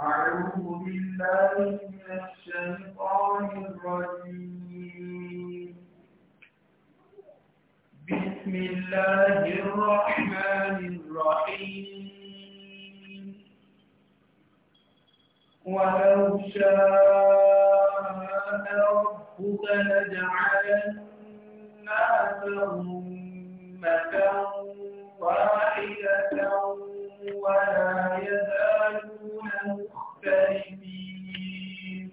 أعوذ بالله من الشيطان الرجيم بسم الله الرحمن الرحيم ولو شاء ربك لجعل الناس أمة واحدة ولا يزال مفترمين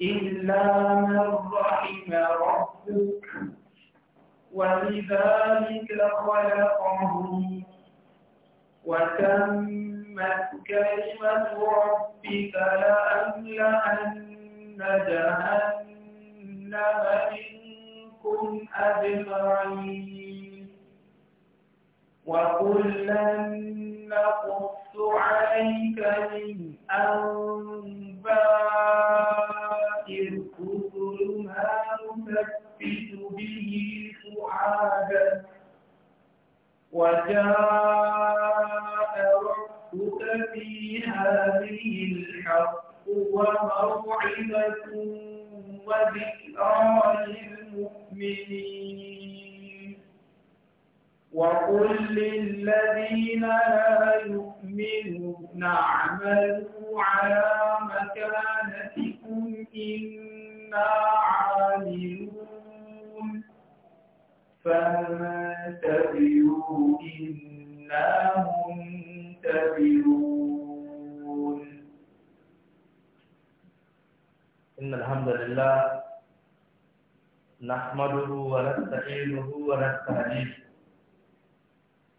إلا من رحم ربك ولذلك خلقهم وتمت كلمة ربك لأملأن جهنم منكم أجمعين وكلا نقص أتلت عليك من أنباء الكفر ما نثبت به فؤادك وجاء ربك في هذه الحق وموعظة وذكرى للمؤمنين وقل للذين لا يؤمنون اعملوا على مكانتكم إنا عاملون فانتبهوا إنا منتبهون إن الحمد لله نحمده ونستعينه ونستهديه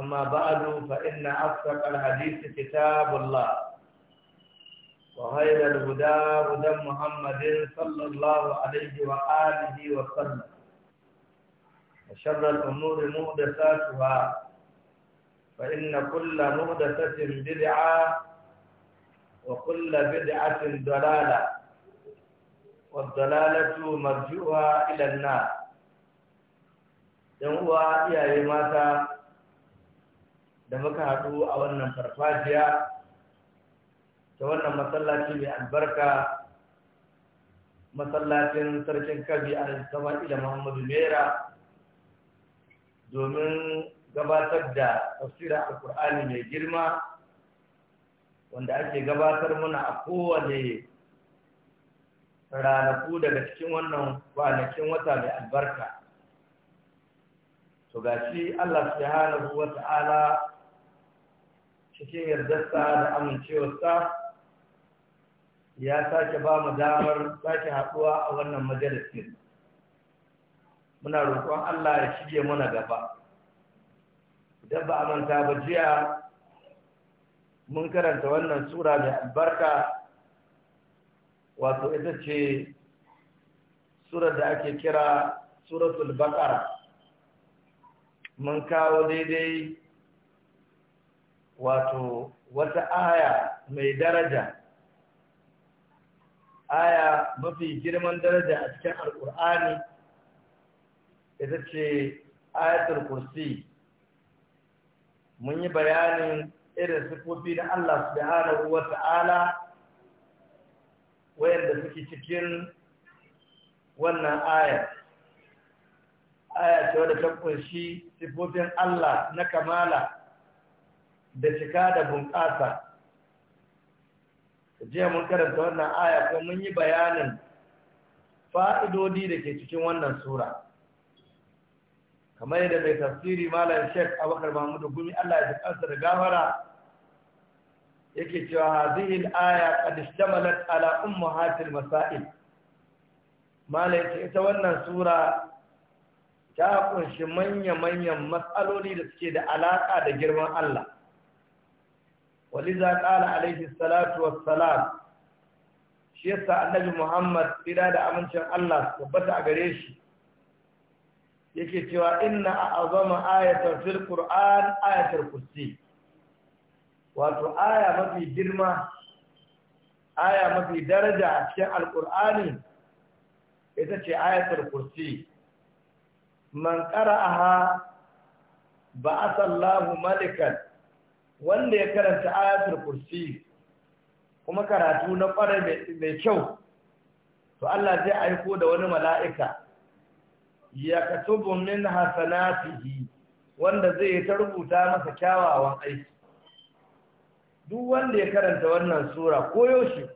أما بعد فإن أصدق الحديث كتاب الله وخير الهدى هدى محمد صلى الله عليه وآله وسلم وشر الأمور محدثاتها فإن كل محدثة بدعة وكل بدعة ضلالة والضلالة مرجوها إلى النار. يوم هو إياه ماذا da muka haɗu a wannan farfajiya ta wannan masallaci mai albarka masallacin sarkin kabi a sama ila muhammadu mera domin gabatar da a Kur'ani mai girma wanda ake gabatar muna a kowane ranaku daga cikin wannan kwanakin wata mai albarka to gashi allah subhanahu wa ta'ala cikin yardarsa da amincewarsa ya sake ba mu damar sake haɗuwa a wannan majalisin muna roƙon Allah ya shige mana gaba idan ba a manta ba jiya mun karanta wannan sura mai albarka wato ita ce surar da ake kira suratul baqara mun kawo daidai wato wata aya mai daraja aya mafi girman daraja a cikin alkur'ani ita ce ayatul kursi mun yi bayanin irin sifofi na Allah subhanahu wa ta'ala wayanda suke cikin wannan aya aya ce wadda ta kunshi sifofin Allah na kamala da cika da bunƙasa jiya mun karanta wannan aya kuma mun yi bayanin fa'idodi da ke cikin wannan sura kamar yadda mai tafsiri malam sheik abubakar mahmudu gumi allah ya fi kansa da gafara yake cewa hazihil aya a ishtamalat ala ummahatil masail malam ce ita wannan sura ta kunshi manya-manyan matsaloli da suke da alaƙa da girman allah waliza ƙala alaihi salatu wassalam shi yasa annabi muhammad tsira da amincin allah tabbata a gare shi yake cewa inna a azama ayatar fil qur'an ayatar kursi wato aya mafi girma aya mafi daraja a cikin alkur'ani ita ce ayatul kursi man qara'aha ba'atha Allahu malikan wanda ya karanta ayatul kursi kuma karatu na kwarai mai kyau to Allah zai aiko da wani mala'ika ya katubu min hasanatihi wanda zai ta rubuta masa kyawawan aiki duk wanda ya karanta wannan sura yaushe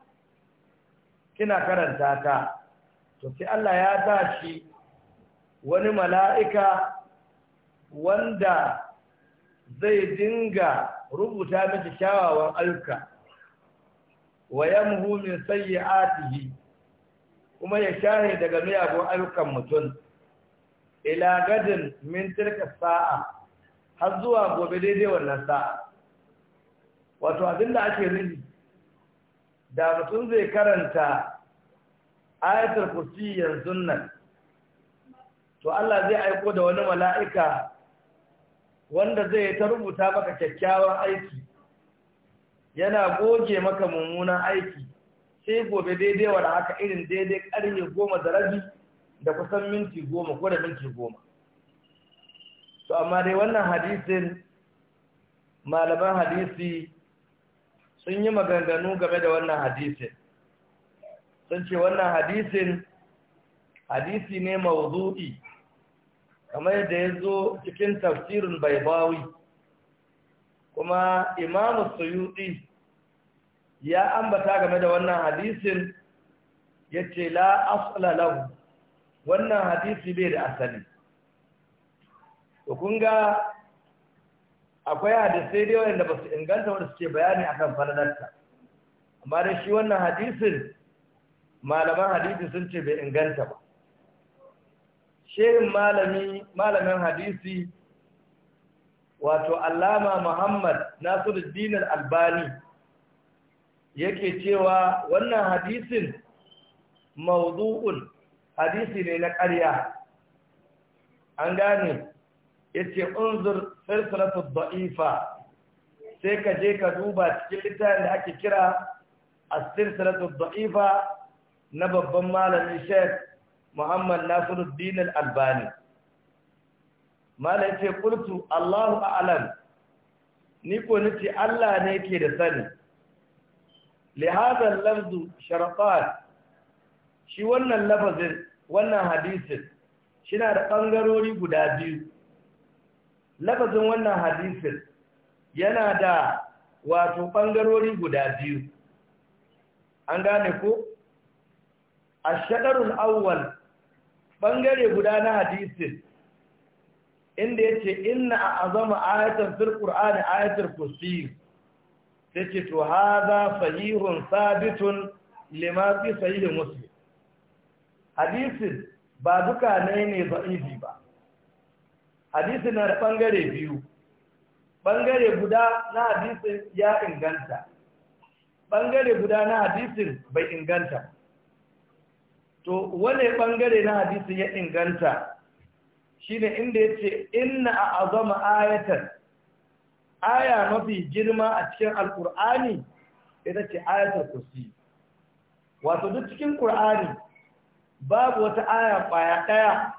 kina karanta ta to sai Allah ya tashi wani mala'ika wanda zai dinga rubuta miki kyawawan alka wa yamhu min sayyi'atihi kuma ya share daga miyagun ayyukan mutum ila gadin min tilka sa'a har zuwa gobe daidai wannan sa'a wato abinda ake nufi da mutum zai karanta ayatul kursi yanzu nan to Allah zai aiko da wani mala'ika wanda zai ta rubuta maka kyakkyawan aiki yana goge maka mummunan aiki sai gobe daidai wa haka irin daidai karye goma da rabi da kusan minti goma ko da minti goma to amma dai wannan hadisin malaman hadisi sun yi maganganu game da wannan hadisin sun ce wannan hadisin hadisi ne mawuzu'i kamar yadda ya zo cikin tafsirin baibawi kuma imamu suyuɗi ya ambata game da wannan hadisin ya ce la asala lahu wannan hadisi bai da asali to kun akwai hadisai da yawan da ba su inganta wanda suke bayani akan falalarta amma da shi wannan hadisin malaman hadisi sun ce bai inganta ba shehin malami malamin hadisi wato allama muhammad nasiruddin albani yake cewa wannan hadisin mawdu'un hadisi ne na ƙarya an gane yace unzur silsilatu da'ifa sai ka je ka duba cikin littafin da ake kira as-silsilatu da'ifa na babban malamin Sheikh muhammad nasiruddin al-albani malam ce qultu allahu a'lam ni ko nace allah ne yake da sani li hadha al shi wannan lafazin wannan hadisin shi na da bangarori guda biyu lafazin wannan hadisin yana da wato ɓangarori guda biyu an gane ko a shaɗarun awwal bangare guda na hadisin inda ce inna a'zama ayatan fil qur'ani ayatul kursi sai ce to hadha sahihun sabitun lima fi sahih muslim hadisin ba duka ne ne da'ifi ba hadisin na da bangare biyu bangare guda na hadisin ya inganta bangare guda na hadisin bai inganta to wane bangare na hadisin ya inganta shine inda yace inna a azama ayatar aya mafi girma a cikin alkur'ani ita ce ayatar kursi wato duk cikin ƙur'ani, babu wata aya kwaya daya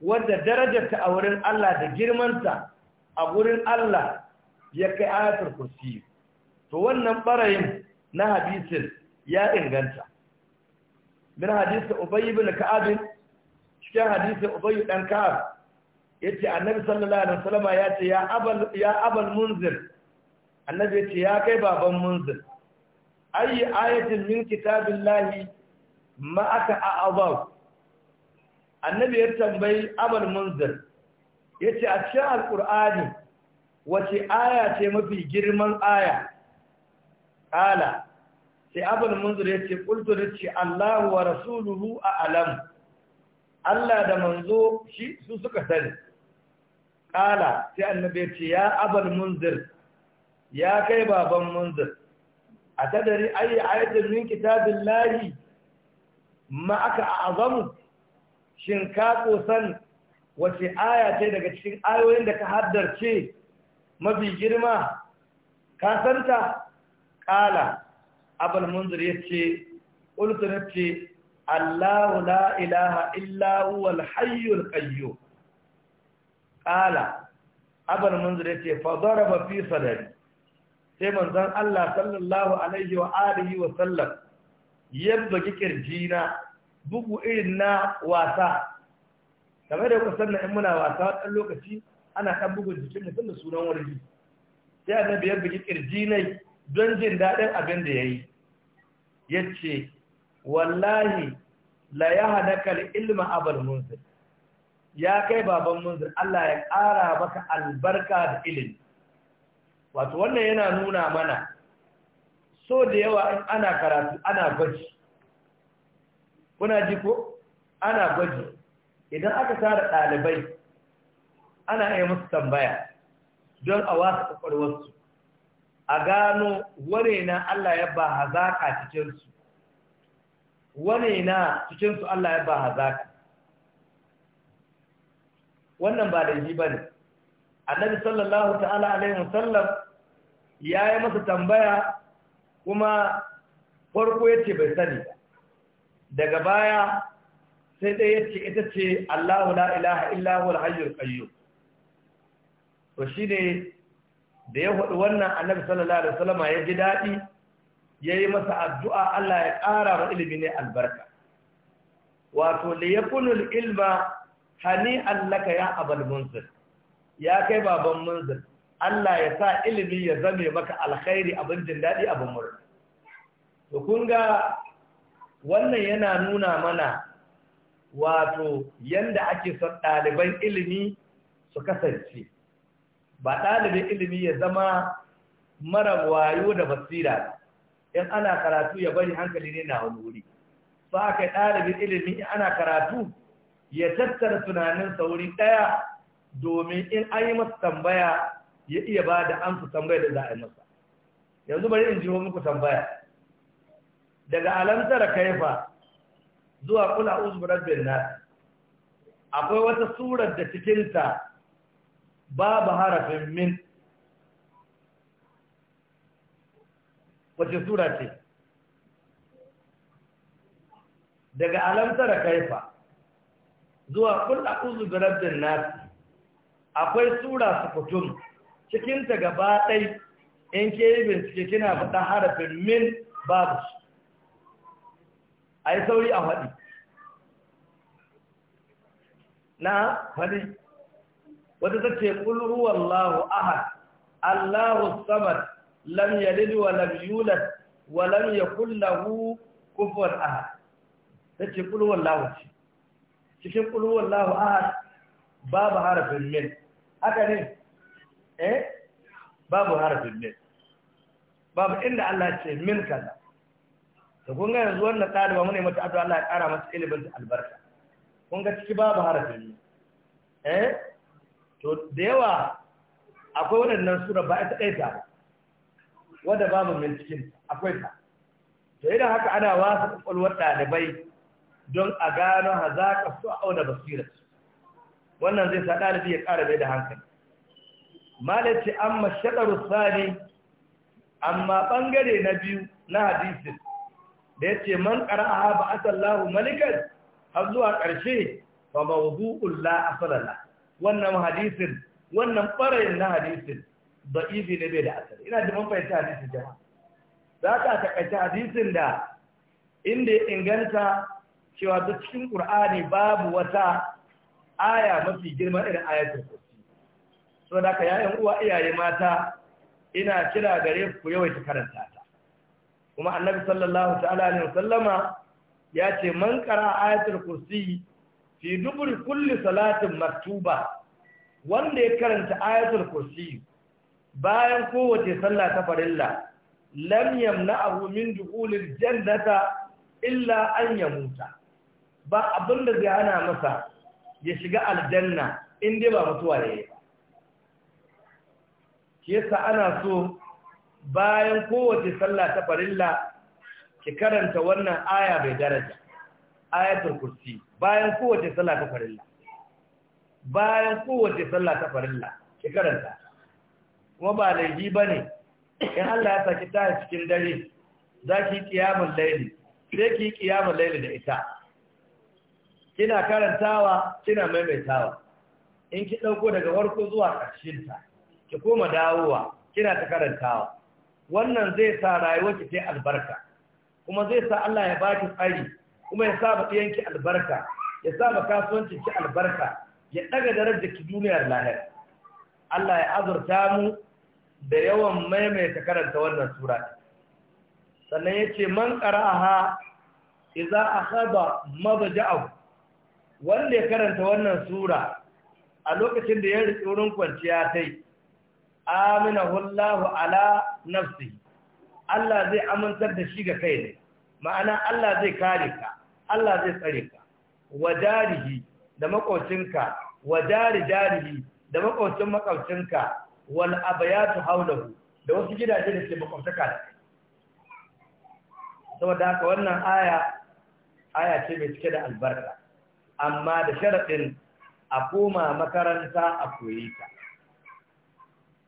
wadda darajarta a wurin Allah da girmanta a wurin Allah ya kai ayatar kursi to wannan ɓarayin na hadisin ya inganta min hadisi ubay ibn ka'ab cikin hadisi ubay dan ka'ab ce annabi sallallahu alaihi wasallam ya ce ya abal munzir annabi ya ce ya kai baban munzir ayi ayatin min lahi ma aka a'adab annabi ya tambayi abal munzir ce a cikin Alƙur'ani wace aya ce mafi girman aya ƙala. sai abul munzur ya ce kultu da ce Allahu wa rasuluhu a alam Allah da manzo shi su suka sani kala sai annabi ya ce ya abul munzur ya kai baban Munzur a tadari ayi ayatin min kitabillahi ma aka azamu shin ka kosan wace aya ce daga cikin ayoyin da ka haddarce mafi girma ka santa Ƙala. abul munzir yace qultu ce, Allahu la ilaha illa huwal hayyul abul munzir yace fa daraba fi sadri sai manzon Allah sallallahu alaihi wa alihi wa sallam yabba jina, bugu irin na wasa kamar da kuka in muna wasa dan lokaci ana kan bugun jikin mutum da sunan warji sai annabi ya bugi kirji ne don jin daɗin abin da ya yi yace wallahi la yahdakal ilma abar munzir ya kai baban munzir Allah ya ƙara maka albarka da ilimi wato wannan yana nuna mana so da yawa in ana karatu ana gwaji kuna ji ko ana gwaji idan aka tara ɗalibai ana yi musu tambaya don a wasu ƙwaƙwarwarsu a gano wane na Allah ya ba hazaka cikinsu wane na cikinsu Allah ya ba hazaka wannan ba da yi ba ne annabi sallallahu ta'ala alaihi wasallam ya yi masa tambaya kuma farko ya ce bai sani ba daga baya sai ɗaya ce ita ce Allahu la ilaha illahu al-hayyul qayyum to shine da ya faɗi wannan annabi sallallahu alaihi wasallam ya ji daɗi ya yi masa addu'a Allah ya ƙara wa ilimi ne albarka wato da ya ilma hani allaka ya abal munzir ya kai baban munzir Allah ya sa ilimi ya zame maka alkhairi abin jin daɗi abin murna to kun ga wannan yana nuna mana wato yanda ake son ɗaliban ilimi su kasance ba ɗalibin ilimi ya zama mara wayo da basira in ana karatu ya bari hankali ne na wani wuri ba ka ɗalibin ilimi in ana karatu ya tattara tunanin sauri ɗaya domin in an yi masa tambaya ya iya ba da an su tambaya da za a yi masa yanzu bari in jiwo muku tambaya daga alamtara kaifa zuwa kula rabbin nasi akwai wata surar da cikinta babu harafin min wace sura ce daga alamtara kaifa zuwa kul a'udhu bi rabbin akwai sura sukutum cikin ta gaba ɗai in ke yi bincike kina fada harafin min babu ai sauri a haɗi. na faɗi wata ta ce ƙulru wallahu ahad allahu samad lam yalid wa lam yulad wa lam yakul lahu kufuwan ahad ta ce wallahu ce cikin ƙulru wallahu ahad babu harafin min haka ne eh babu harafin min babu inda Allah ce min kaza da kunga yanzu wannan ɗaliba mune mata addu'a Allah ya ƙara masa ilimin albarka kunga ga ciki babu harafin min eh to da yawa akwai waɗannan sura ba ita ɗaya ba, wadda ba mu cikin akwai ta to idan haka ana wasu ƙwaƙwalwar ɗalibai don a gano hazaƙa su a auna basirar wannan zai sa ɗalibi ya ƙara bai da hankali malaci amma shaɗaru sani amma ɓangare na biyu na hadisin da ya ce man ƙara a haɓa asallahu malikan har zuwa ƙarshe ba la asalala wannan hadisin wannan ɓarayin na hadisin ba ifi ne bai da asali ina da manfaita hadisin jama'a za ka takaita hadisin da inda ya inganta cewa duk cikin ƙur'ani babu wata aya mafi girma irin ayatul kursi so da ka yayan uwa iyaye mata ina kira gare ku yawaita karanta ta kuma annabi sallallahu ta'ala alaihi wasallama ya ce man qara ayatul kursi fi duburi kulli salatin maktuba wanda ya karanta ayatul kursi bayan kowace sallah ta farilla lam yamna'u min dukhulil jannata illa an yamuta ba abinda zai hana masa ya shiga aljanna in dai ba mutuwa ne ba shi yasa ana so bayan kowace sallah ta farilla ki karanta wannan aya mai daraja ayatul kursi bayan kowace sallah ta farilla bayan kowace sallah ta farilla ki karanta kuma ba laifi bane in Allah ya saki ta cikin dare zaki kiyamul layli sai ki kiyamul layli da ita kina karantawa kina maimaitawa in ki ɗauko daga farko zuwa ƙarshen ta ki koma dawowa kina ta karantawa wannan zai sa ki ta albarka kuma zai sa Allah ya baki tsari kuma ya sa iyan ki albarka ya sa kasuwancin ki albarka ya ɗaga darajar ki duniyar lahir Allah ya azurta mu da yawan maimaita karanta wannan sura sannan ya ce man ƙara'aha iza a haɗa mabaja'au wanda ya karanta wannan sura a lokacin da ya riƙe wurin kwanciya ta yi amina hullahu ala nafsi Allah zai amintar da shi ga kai ne ma'ana Allah zai kare ka Allah zai tsare ka wa darihi da makocinka wa dari darihi da makocin makocinka wal abayatu haulahu da wasu gidaje da ke makwabtaka da kai saboda haka wannan aya aya ce mai cike da albarka amma da sharaɗin a koma makaranta a koyi ta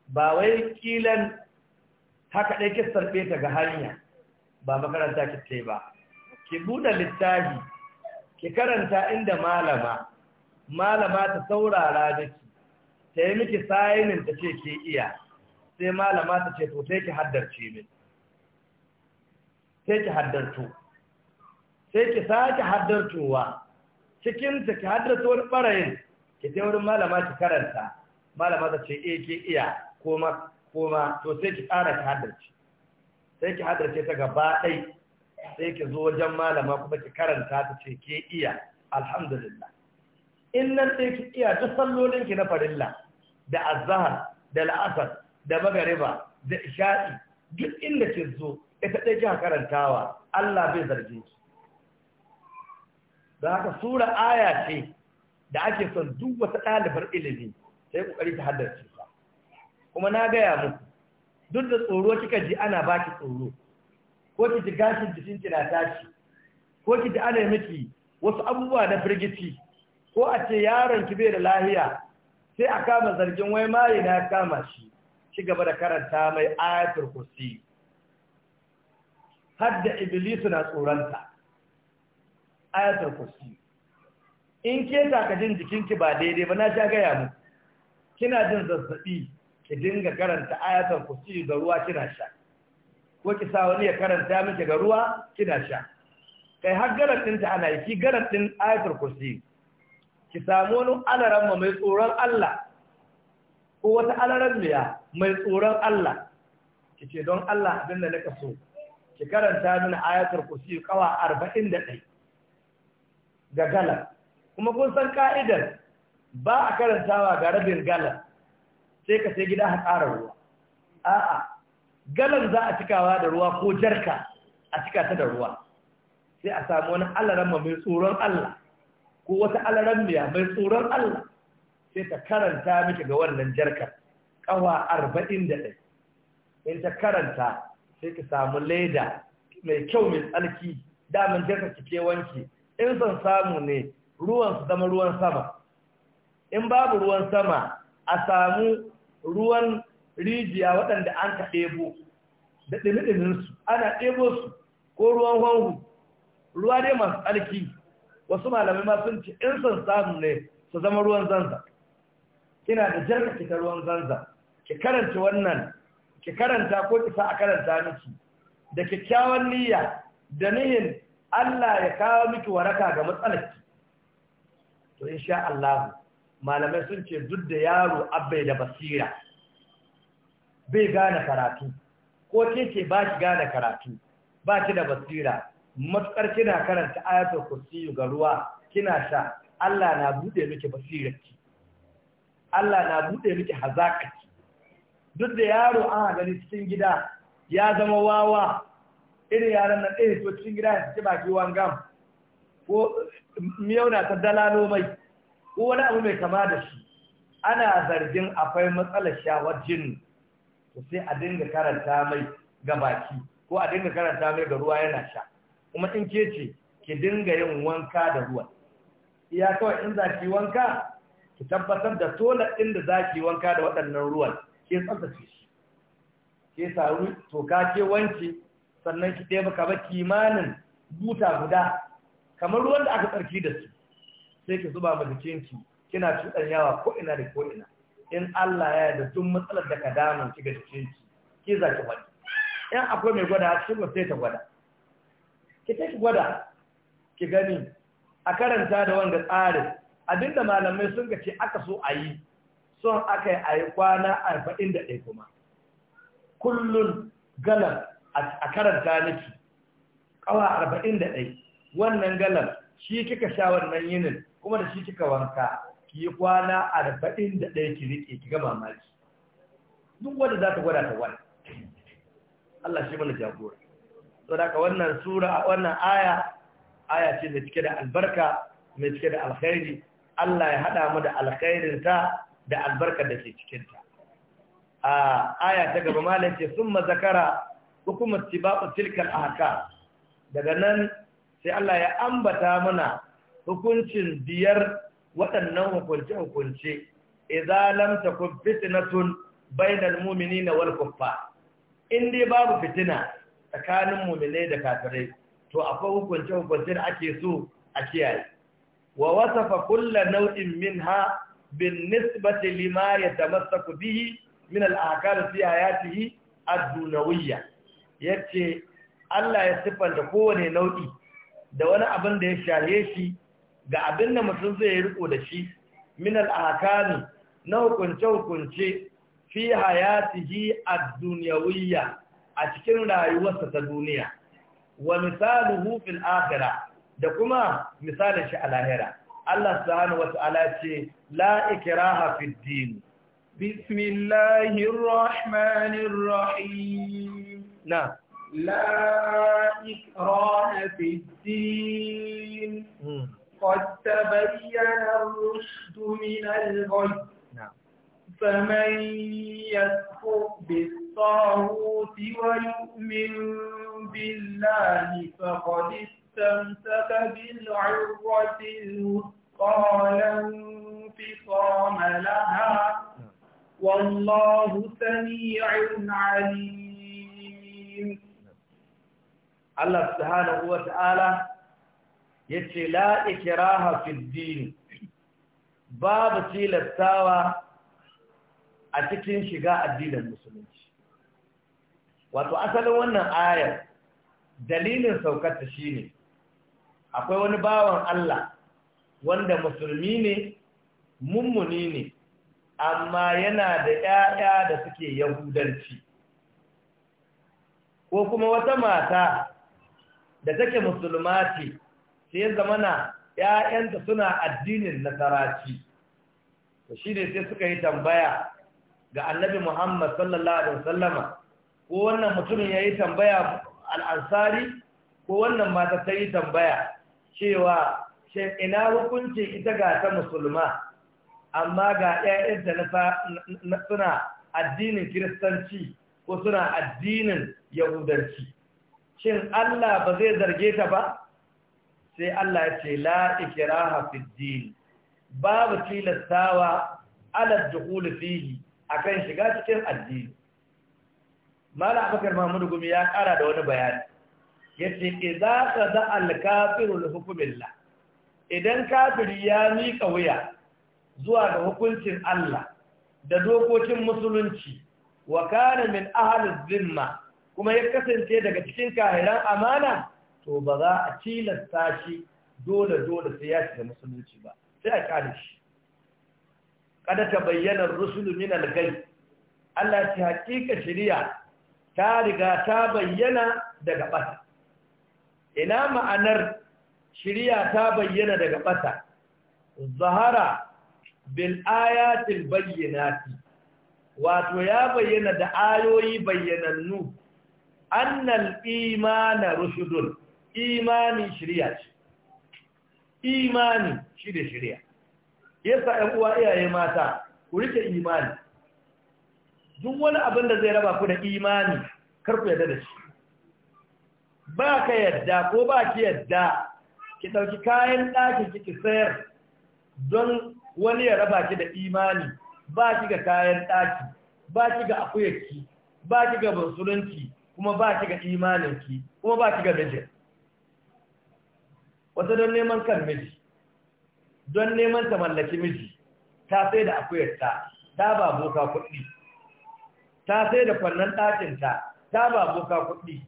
ba wai kilan haka ɗai kisar ta ga hanya ba makaranta ki kai ba ki buɗe littafi ki karanta inda malama malama ta saurara da ki ta yi miki sayinin ta ce ke iya sai malama ta ce to sai ki haddarce min sai ki haddarto sai ki sake haddartowa ta ki haddarto wani ɓarayin ki sai wurin malama ki karanta malama ta ce eh ke iya koma koma to sai ki ƙara ki haddarce sai ki haddace ta gaba ɗai sai ki zo wajen malama kuma ki karanta ta ce ke iya alhamdulillah in nan sai ki iya duk sallolin ki na farilla da azhar da la'asar da magariba da isha'i duk inda ki zo ita dai ki karantawa Allah bai zarge ki da haka sura aya ce da ake son duk wata ɗalibar ilimi sai kokari ta haddace kuma na gaya muku duk da tsoro kika ji ana baki tsoro ko ki ji gashin jikin ki na tashi ko ki ji ana miki wasu abubuwa na firgici ko a ce yaron ki bai da lahiya sai a kama zargin wai mai na kama shi ki gaba da karanta mai ayatul kursi hadda iblisu na tsoranta ayatul kursi in ke jikin ki ba daidai ba na ta gaya mu kina jin zazzabi ki dinga karanta ayatul kursi da ruwa kina sha ko ki sa wani ya karanta miki ga ruwa kina sha kai har garar ɗinta ana yi ki ɗin ayatul kursi ki samu wani alaran mai tsoron Allah ko wata alaran miya mai tsoron Allah ki ce don Allah abin da naka so ki karanta mini ayatul kursi kawa 41 ga gala kuma kun san ka'idar ba a karantawa ga rabin gala sai ka sai gida ha ƙara ruwa a'a galan za a cikawa da ruwa ko jarka a cikata da ruwa sai a samu wani alaramma mai tsoron Allah ko wata alarammiya mai tsoron Allah sai ta karanta miki ga wannan jarkar kawa arba'in da ɗai in ta karanta sai ka samu leda mai kyau mai tsarki da jarkar jarka ke wanki in son samu ne ruwan su zama ruwan sama in babu ruwan sama a samu ruwan rijiya waɗanda an ka ɗebo da ɗimi ana ɗebo su ko ruwan hongu ruwa ne masu tsarki wasu malamai ma sun ce in san samu ne su zama ruwan zanza kina da jarka ta ruwan zanza ki karanta wannan ki karanta ko ki a karanta miki da kyakkyawan niyya da nihin Allah ya kawo miki waraka ga matsalarki to insha Allah malamai sun ce duk da yaro abbai da basira bai gane karatu ko keke ba shi gane karatu ba shi da basira matukar kina karanta ayatul kursiyu ga ruwa kina sha Allah na bude miki basirarki Allah na bude miki hazakaki duk da yaro an gani cikin gida ya zama wawa irin yaran nan ɗaya to cikin gida ya ci baki wangam ko miyau na ta dalalo mai ko wani abu mai kama da shi ana zargin akwai matsalar shawar jini to sai a dinga karanta mai ga baki ko a dinga karanta mai ga ruwa yana sha kuma in ke ce ki dinga yin wanka da ruwa iya kawai in za ki wanka ki tabbatar da tola ɗin da za ki wanka da waɗannan ruwan ke tsaftace shi ke saru ka ke wanki sannan ki ɗaya baka ba kimanin buta guda kamar ruwan da aka tsarki da su sai ki zuba ma ki kina yawa ko ina da ko ina in Allah ya da duk matsalar da ka damun ki ga cikin ki ki za ki gwada in akwai mai gwada cikin sai ta gwada ki ta ki gwada ki gani a karanta da wanda tsarin abinda malamai sun ga ce aka so a yi son aka yi a yi kwana arba'in da ɗaya kuma kullum galar a karanta niki kawa arba'in da ɗaya wannan galar shi kika sha wannan yinin kuma da shi kika wanka ki yi kwana arba'in da ɗaya ki riƙe ki gama mamaki duk wanda za ta gwada ta wani Allah shi mana jagora so da wannan sura a wannan aya aya ce mai cike da albarka mai cike da alkhairi Allah ya haɗa mu da alkhairinta da albarka da ke cikinta a aya ta gaba malam ce summa zakara hukumar tibabu a haka. daga nan sai Allah ya ambata mana hukuncin biyar waɗannan hukunce-hukunce idza lam takun fitnatun bainal mu'minina wal kuffar in dai babu fitina tsakanin mu'mine da kafirai to akwai hukunce hukunce da ake so a kiyaye wa wasafa kullu naw'in minha bin nisbati lima yatamassaku bihi min al ya fi hayatihi ad-dunawiyya yace Allah ya sifanta kowane nau'i da wani abin da ya shaye shi ga abin da mutum zai riko da shi min al'akami na hukunce-hukunce fi hayatihi a duniyawiyya a cikin rayuwarsa ta duniya wa misali hufin akhirah da kuma misalin shi a lahira Allah wasu ala ce la ikraha fid din bismillahir na la ikraha fid din hmm. قد تبين الرشد من الغي نعم. فمن يكفر بالطاغوت ويؤمن بالله فقد استمسك بالعروة الوثقى لا انفصام لها والله سميع عليم نعم. الله سبحانه وتعالى yace la ikraha fi din babu tilastawa a cikin shiga addinin musulunci wato asalin wannan ayar dalilin saukarta shine akwai wani bawan Allah wanda musulmi ne mummuni ne amma yana da ‘ya'ya da suke yahudanci ko kuma wata mata da take musulma sai ya zamana ‘ya'yanta suna addinin nasaraci to shi ne sai suka yi tambaya ga annabi muhammad sallallahu alaihi wasallama ko wannan mutumin ya yi tambaya al'ansari ko wannan mata ta yi tambaya cewa shin ina hukunci ita ga ta musulma amma ga ‘ya'yanta suna addinin kiristanci ko suna addinin yahudanci shin allah ba zai zarge ta ba sai Allah ya ce la ikraha fid din babu tilastawa ala dukhul fihi akan shiga cikin addini mala abakar mahmudu gumi ya kara da wani bayani yace idza qada al kafiru li hukmillah idan kafiri ya mika wuya zuwa ga hukuncin Allah da dokokin musulunci wa kana min ahli zimma kuma ya kasance daga cikin kahiran amana to ba za a tilasta shi dole dole sai ya shiga musulunci ba sai a kare shi kada ta bayyana rusulu min al Allah ya hakika shari'a ta riga ta bayyana daga bata ina ma'anar shari'a ta bayyana daga bata zahara bil ayatil bayyinati wato ya bayyana da ayoyi bayyanannu annal imana rusulun imani shirya ce imani shi da shirya yasa ‘yan uwa iyaye mata ku rike imani duk wani abin da zai raba ku da imani kar ku yadda da shi ba ka yadda ko ba ki yadda ki ɗauki kayan ɗakin ki sayar don wani ya raba ki da imani ba ki ga kayan ɗaki ba ki ga akuyarki ba ki ga bansulunci kuma ba ki ga imaninki kuma ba ki ga mijin wata don neman kan miji don neman ta mallaki miji ta sai da akuyarta ta ba boka kuɗi ta sai da kwannan ɗakinta ta ba boka kuɗi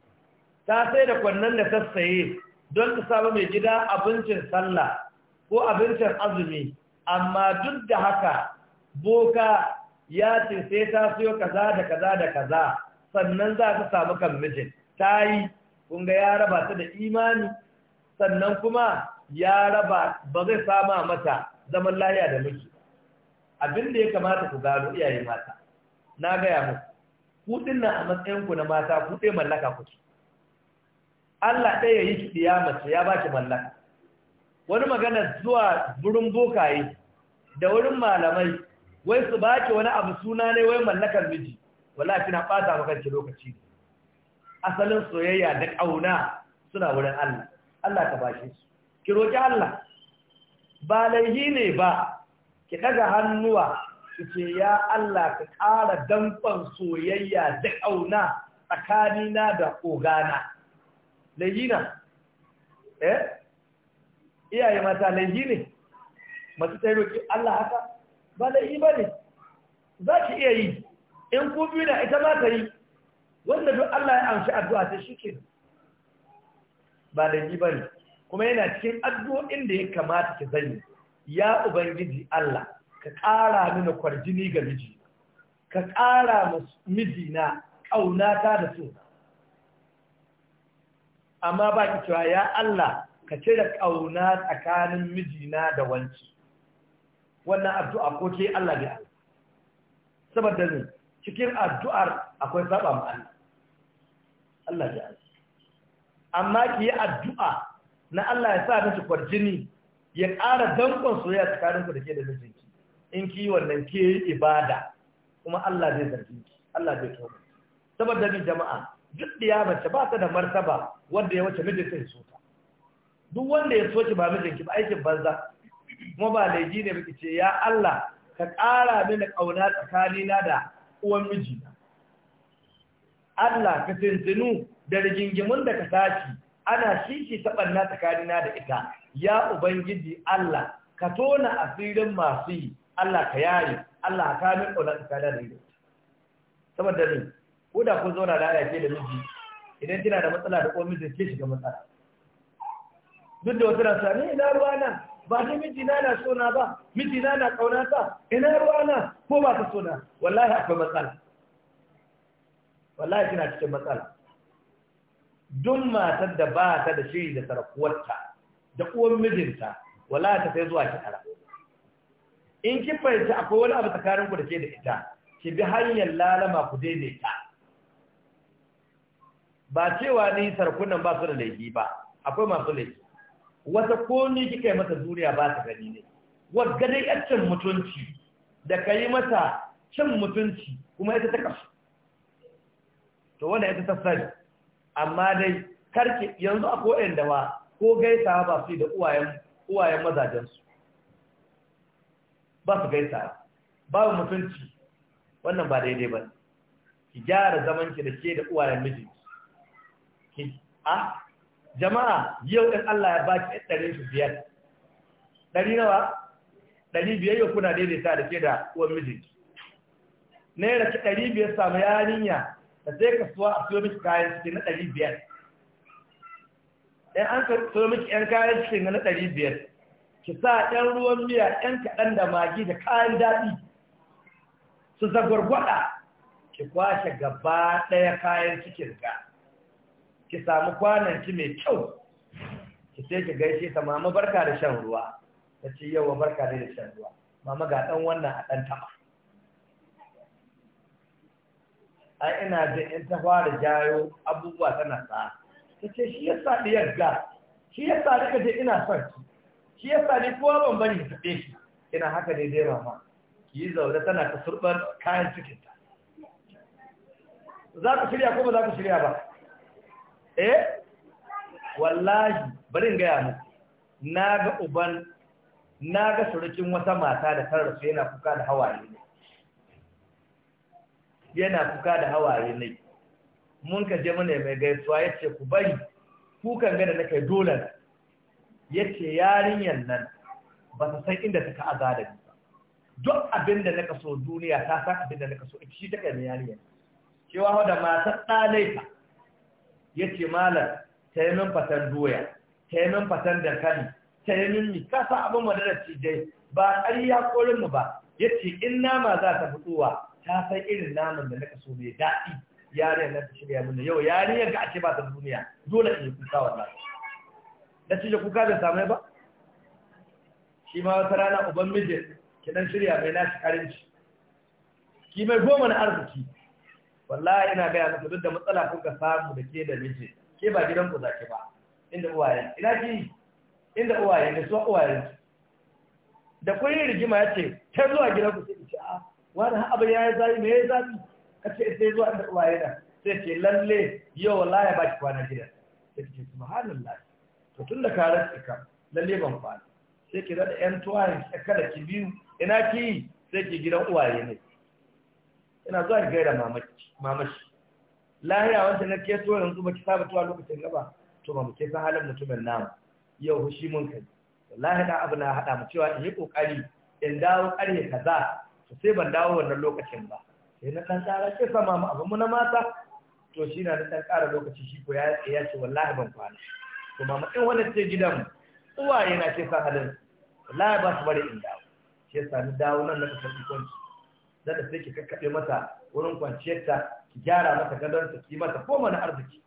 ta sai da kwannan da sassaye don ta saba mai gida abincin sallah ko abincin azumi amma duk da haka boka ya ce sai ta siyo kaza da kaza da kaza sannan za ta samu kan mijin ta yi kunga ya raba ta da imani sannan kuma ya raba ba zai sama mata zaman lahiya da miki abin da ya kamata ku gano iyaye mata na gaya muku kudin nan a matsayinku na mata kuɗe mallaka kuke Allah ɗaya yi ki mace ya baki mallaka wani magana zuwa burin bokaye da wurin malamai wai su baki wani abu suna ne wai mallakar miji wala kina fata maka ki lokaci asalin soyayya da kauna suna wurin Allah Allah ka bashi su ki roki Allah ba laihi ne ba ki daga hannuwa ki ce ya Allah ka ƙara damfan soyayya da ƙauna tsakanina da ogana laihi na eh iyaye mata laihi ne masu ta roki Allah haka ba laihi ba ne za ki iya yi in ku biyu na ita ma ta yi wanda duk Allah ya amshi addu'a ta shi kenan ba da yi ne kuma yana cikin addu'o'in da ya kamata ki zai ya ubangiji Allah ka ƙara nuna kwarjini ga miji ka ƙara mijina ƙaunata da so amma ba ki cewa ya Allah ka cire ƙauna tsakanin mijina da wanci wannan addu'a ko ke Allah ne Allah saboda ne cikin addu'ar akwai saba ma Allah Allah amma ki yi addu'a na Allah ya sa miki kwarjini ya ƙara dankon soyayya tsakaninku da ke da mijinki in ki yi wannan ke yi ibada kuma Allah zai zargin ki Allah zai tobe saboda ni jama'a duk da ya mace ba ta da martaba wanda ya wace mijinta ya so duk wanda ya so ki ba mijinki ba aikin banza kuma ba laifi ne miki ce ya Allah ka ƙara mini ƙauna tsakanina da uwan mijina Allah ka tsintsinu da rigingimun da ka tashi ana shi ta ɓanna tsakanina da ita ya ubangiji Allah ka tona asirin masu yi Allah ka yare Allah ka min ƙauna tsakanin da saboda ne ko da kun zauna da ke da miji idan kina da matsala da komai zai ke shiga matsala duk da wata rasa ne ina ruwa na ba ni miji na na so na ba miji na na kauna ta ina ruwa na ko ba ta so na wallahi akwai matsala wallahi kina cikin matsala duk matar da ba ta da shi da sarakuwarta da uwan mijinta wala ta sai zuwa ki tara in ki fahimci akwai wani abu tsakanin ku da ke da ita ki bi hanyar lalama ku daidaita ba cewa ni sarkunan ba su da laifi ba akwai masu laifi wata ko ni kika yi mata zuriya ba ta gani ne wadda dai 'yancin cin mutunci da ka yi mata cin mutunci kuma ita ta kasu to wanda ita ta sani amma dai karki yanzu a ko'in da ba ko gaisa ba su da uwayen uwayen mazajensu ba su gaisa babu mutunci wannan ba daidai ba ki gyara zaman ki da ke da uwayen miji ki a jama'a yau din Allah ya baki ɗarin shi biyar ɗari nawa ɗari biyar yau kuna daidaita da ke da uwan mijinki naira ki ɗari biyar samu yarinya ka sai kasuwa a siyo kayan cikin na ɗari biyar ɗan an siyo miki ‘yan kayan cikin na ɗari biyar ki sa ‘yan ruwan miya ‘yan kaɗan da magi da kayan daɗi su zagwargwada ki kwashe gaba ɗaya kayan cikin ka ki samu ki mai kyau ki sai ki gaishe ta mama barka da shan ruwa ta ce yawa barka da shan ruwa mama ga ɗan wannan a ɗan taɓa A ina da in ta fara jayo abubuwa tana sa ta ce shi yasa ɗiyar ga shi yasa duka je ina son ki shi yasa ni kowa ban bari ta ɗe shi ina haka ne dai mama ki yi zaune tana ta surɓar kayan cikin ta za ka shirya ko ba za ka shirya ba eh wallahi bari gaya mu na ga uban na ga surukin wata mata da tarar su yana kuka da hawaye ne yana kuka da hawaye ne mun ka je mana mai gaisuwa ya ce ku bari kukan gada na kai dole na ya ce yarinyar nan ba ta san inda ta ka ba duk abin da na so duniya ta sa abin da na so ita shi ta kai yarinyan cewa da matar ɗanai ka ya ce malar ta yi min fatan doya ta yi min fatan dankali ta yi min mi sa abin ci dai ba ƙarya mu ba ya ce in nama za ta fitowa ta san irin naman da naka so ne daɗi yariyar na ta shirya mana yau yariyar ga ake ba ta duniya dole in yi kuka wannan na cije kuka da samai ba shi ma wata rana uban mijin ki dan shirya mai nashi karinci ki mai goma na arziki wallahi ina gaya maka duk da matsala kuka samu da ke da miji ke ba gidan ku zaki ba inda uwaye ina ki inda uwaye da su uwaye da kun yi rigima yace ta zuwa gidan ku sai ki ce a'a ah, wani abin ya yi zafi me ya yi zafi ka ce sai zuwa da uwa yana sai ce lalle yau wallahi ba ki kwana gida. sai ce subhanallah to tun da ka rantsi ka lalle ban kwana sai ke zaɗa yan tuwayen ki kada ki biyu ina ki sai ki gidan uwaye ne ina zuwa ga gaira mamashi lahiya wanda na ke so yanzu ba ki saba tuwa lokacin gaba to ba mu ke san halin mutumin namu yau hushi mun kai wallahi da abu na hada mu cewa in yi kokari in dawo karye kaza sai ban dawo wannan lokacin ba sai na ɗan tsara ce sama mu abinmu na mata to shi na ɗan ƙara lokaci shi ko ya ya ce wallahi ban kwana kuma in wanda ce gidan uwa yana ce sa halin wallahi ba su bari in dawo shi yasa ni dawo nan na kasance kwanci da da sai ki kakkabe mata wurin kwanciyarta ki gyara mata ta, ki mata ko mana arziki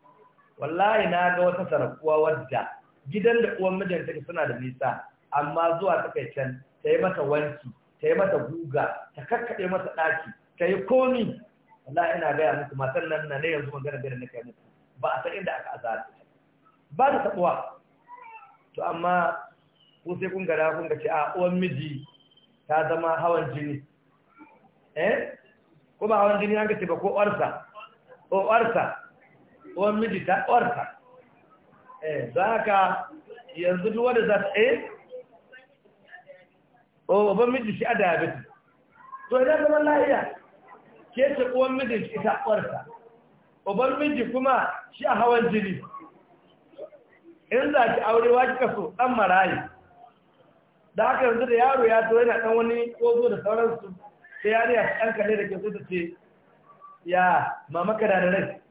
wallahi na ga wata sarakuwa wadda gidan da uwan mijinta suna da nisa amma zuwa take can ta yi mata wanki ta yi mata guga ta kakkaɗe mata ɗaki ta yi komi Allah ina gaya muku matan nan na ne yanzu magana gare na kai muku ba a san inda aka azara ba ta tabuwa to amma ko sai kun gada kun ga ce a uwan miji ta zama hawan jini eh ko ba hawan jini an ga ce ba ko uwarsa ko uwarsa uwan miji ta uwarsa eh za ka yanzu duk wanda za ta eh o babban miji shi a diabetes to idan zaman lahiya ke ce uwan miji shi ita ƙwarsa babban miji kuma shi a hawan jini in za ki aure wa kika so ɗan marayi da haka yanzu da yaro ya to yana dan wani ƙozo da sauransu sai yari a dan kare da ke so ta ce ya mama mamaka da rai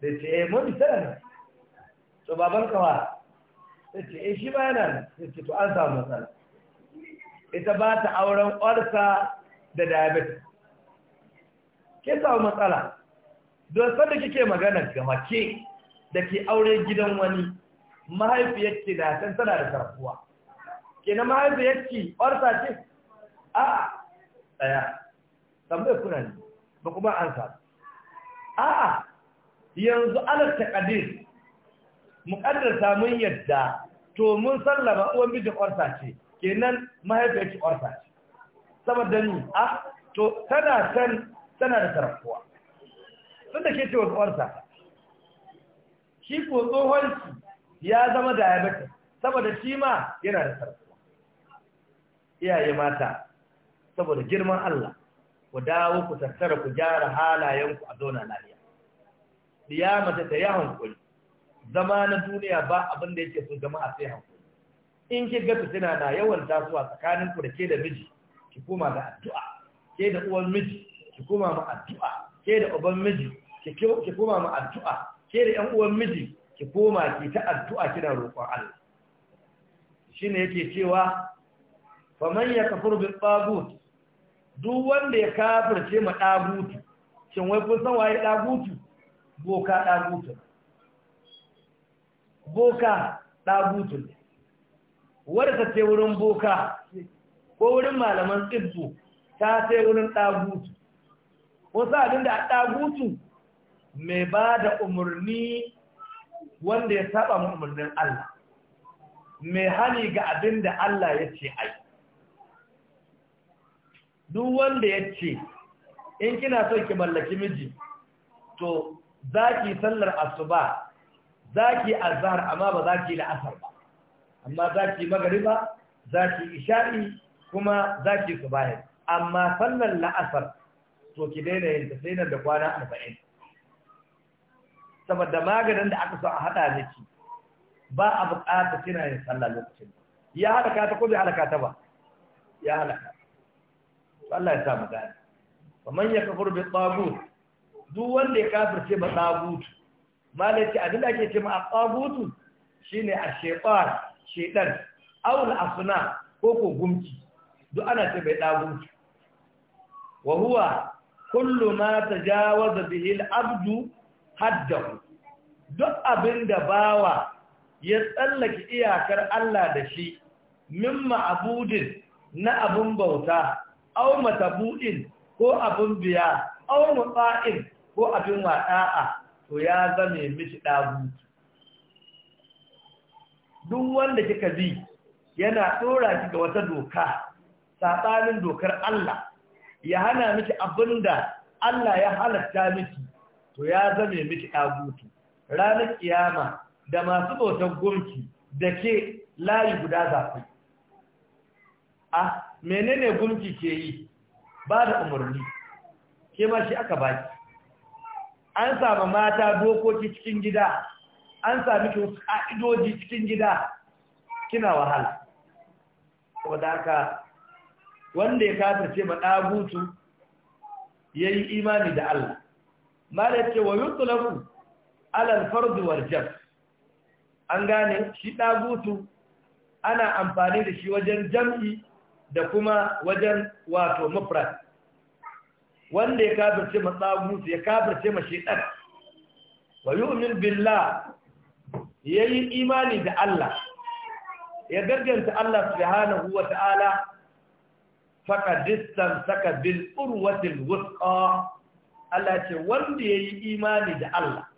da ce eh mun tsara ne to baban kawa ta ce eh shi ba yana ne ta ce to an samu matsala ita ba ta auren ƙwarsa da diabetes ke samu matsala don sanda kike magana ga mace da ke aure gidan wani mahaifiyarki da san tana da na mahaifiyar mahaifiyarki ƙwarsa ce a ɗaya tambayar kuna ne ba kuma an sa a yanzu ƙadir, mu muƙaddar samun yadda to mun sallama uwan bijin ƙwarsa ce kenan mahaifiyar ki ce saboda ni a to tana san tana da tarafuwa sun da ke ce wasu orphan shi ko tsohon ya zama diabetes saboda shi ma yana da tarafuwa iyaye mata saboda girman Allah ku dawo ku tattara ku gyara halayenku a zona lafiya diyamata ta yi hankuli zama na duniya ba abinda yake sun gama a sai hankuli in ki ga fitina na yawan tasowa tsakanin ku da ke da miji ki koma da addu'a ke da uwan miji ki koma ma addu'a ke da uban miji ki koma ma addu'a ke da ƴan uwan miji ki koma ki ta addu'a kina roƙon Allah shine yake cewa fa ya kafur bil tagut duk wanda ya kafirce ma dagutu shin wai kun san waye dagutu boka dagutu boka dagutu ne wadda ce wurin boka ko wurin malaman tsibbu ta sai wurin ɗagutu wasu abin da a ɗagutu mai ba da umarni wanda ya saba mu umarnin Allah mai hani ga abin da Allah ya ce ai duk wanda ya ce in kina so ki mallaki miji to za ki sallar asuba za ki azhar amma ba za ki la'asar ba amma za ki magariba za ki isha'i kuma za ki bayan amma sannan la'asar to ki daina yin nan da kwana arba'in saboda maganin da aka so a haɗa ki ba a buƙata kina yin sallah lokacin ya halaka ta ko bai halaka ta ba ya halaka Allah ya sa mu gani. faman ya kafur bi tagut duk wanda ya kafirce ba tagut malaki abin da ake a ma tagut shine a shaytan shedan awul asna ko ko gumki duk ana ce bai dagu wa huwa kullu ma tajawaza bihi al-abdu haddahu duk abinda bawa ya tsallake iyakar Allah da shi min ma'budin na abun bauta aw matabudin ko abun biya aw mutsa'in ko abin wada'a to ya zame mishi daguti duk wanda kika bi yana tsora shi ga wata doka sabanin dokar Allah ya hana miki abinda Allah ya halatta miki to ya zame miki abutu ranar kiyama da masu bautan gumki da ke layi guda zafi a menene gumki ke yi ba da umarni ke ma shi aka baki an samu mata dokoki cikin gida an sami ki wasu ƙa'idoji cikin gida kina wahala saboda aka wanda ya ce ma ɗagutu ya yi imani da Allah malar ce, yi tulaku alal farduwar jam an gane shi ɗagutu ana amfani da shi wajen jam'i da kuma wajen wato mafrat wanda ya kafirce ma ɗagutu ya kafirce ma ɗan. wa yi umin billah ya yi imani da Allah ya garganta Allah subhanahu wa ta'ala faƙadistan saka bil urwatil Allah ce wanda ya yi imani da Allah